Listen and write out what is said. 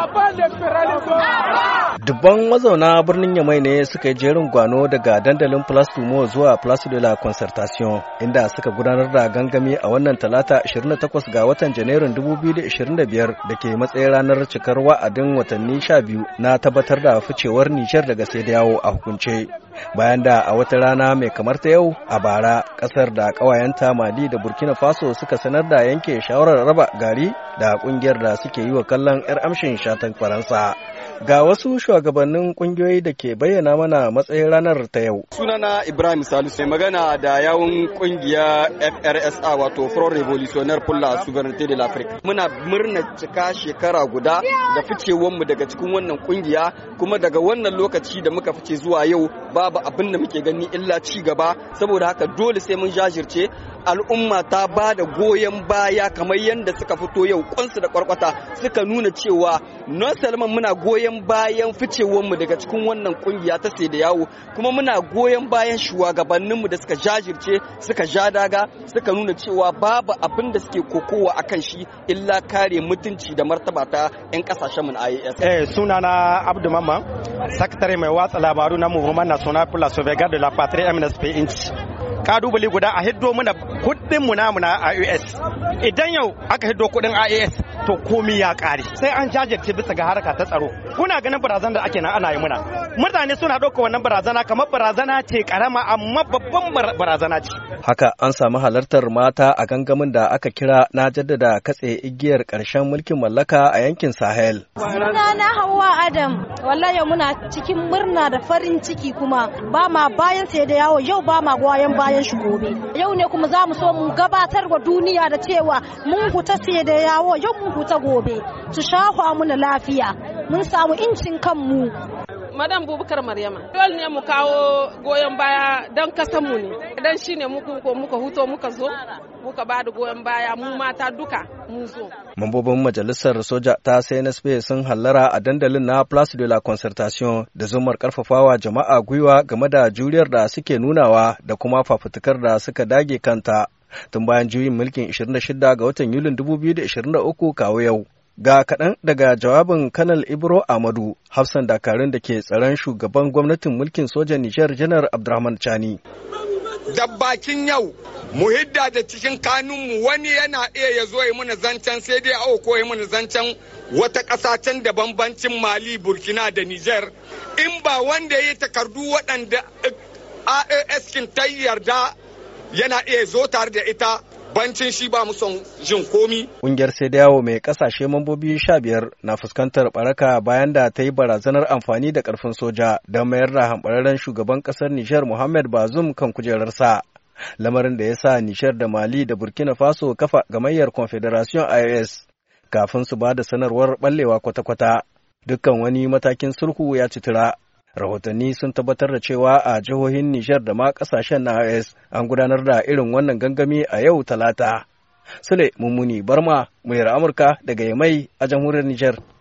Aval el federalismo. dubban mazauna birnin yamai ne suka yi jerin gwano daga dandalin Place du zuwa Place de la Concertation inda suka gudanar da gangami a wannan talata 28 ga watan Janairun 2025 da ke matsayin ranar cikar wa'adin watanni 12 na tabbatar da ficewar Nijar daga sai da yawo a hukunce. Bayan da a wata rana mai kamar ta yau a bara kasar da kawayenta Mali da Burkina Faso suka sanar da yanke shawarar raba gari da kungiyar da suke yi wa kallon 'yar amshin shatan Faransa. Ga wasu shugabannin kungiyoyi da ke bayyana mana matsayin ranar ta yau. Sunana Ibrahim Salisu mai magana da yawun kungiya FRSA wato Front Revolutionnaire pour la Souveraineté de l'Afrique. Muna murna cika shekara guda da ficewar mu daga cikin wannan kungiya kuma daga wannan lokaci da muka fice zuwa yau babu abin da muke gani illa ci gaba saboda haka dole sai mun jajirce al'umma ta ba da goyon baya kamar yadda suka fito yau kunsu da kwarkwata suka nuna cewa non salman muna goyon bayan ficewanmu daga cikin wannan kungiya ta sai da yawo kuma muna goyon bayan shugabanninmu da suka jajirce suka ja daga suka nuna cewa babu abin da suke kokowa kan shi illa kare mutunci da martaba ta 'yan kasashen mu na IAS. Eh sunana Abdu Mamman, sakatare mai watsa labaru na muhimman na pour la Sauvegarde de la Patrie MNSP dubali guda a hiddo mana kuɗin mu na U.S. idan yau aka hiddo kuɗin IAS to komi ya kare sai an jajirce bisa ga haraka ta tsaro kuna ganin barazan da ake nan ana yi muna mutane suna ɗauka wannan barazana kamar barazana ce karama amma babban barazana ce haka an samu halartar mata a gangamin da aka kira na jaddada katse igiyar ƙarshen mulkin mallaka a yankin sahel sunana hawa adam wallahi muna cikin murna da farin ciki kuma ba ma bayan sai da yawo yau ba ma goyen bayan shi gobe yau ne kuma za mu so mu gabatar wa duniya da cewa mun fita sai da yawo yau mu gobe su shafa muna lafiya mun samu incin kanmu madam bubukar maryama dole ne mu kawo goyon baya don kasanmu ne shi ne muku ko muka huto muka zo muka ba da goyon baya mu mata duka mun zo mambobin majalisar soja ta CNSP sun hallara a dandalin na Place de la Concertation da zumar karfafawa jama'a gwiwa game da juriyar da suke nunawa da kuma fafutukar da suka dage kanta tun bayan juyin mulkin 26 ga watan Yulin 2023 kawo yau. Ga kaɗan daga jawabin Kanal Ibro Amadu, hafsan dakarun da ke tsaron shugaban gwamnatin mulkin sojan Nijar Janar Abdurrahman Chani. Da bakin yau, mu hidda da cikin kanunmu wani yana iya ya zo yi mana zancen sai dai awo ko yi mana zancen wata ƙasa da bambancin Mali, Burkina da Nijar. In ba wanda ya takardu waɗanda AAS kin ta yarda yana iya zo tare da ita bancin shi ba mu son jin komi. Kungiyar sai yawo mai ƙasashe mambobi sha biyar na fuskantar ɓaraka bayan da ta yi barazanar amfani da ƙarfin soja don mayar da hamɓararren shugaban ƙasar Nijar Muhammad Bazum kan kujerarsa. Lamarin da ya sa Nijar da Mali da Burkina Faso kafa gamayyar Confederation IOS kafin su ba da sanarwar ɓallewa kwata-kwata. Dukkan wani matakin sulhu ya citira rahotanni sun tabbatar da cewa a jihohin Nijar da ma kasashen na IS an gudanar da irin wannan gangami a yau talata. Sule Mummuni Barma, muryar Amurka daga Yamai a jamhuriyar Nijar.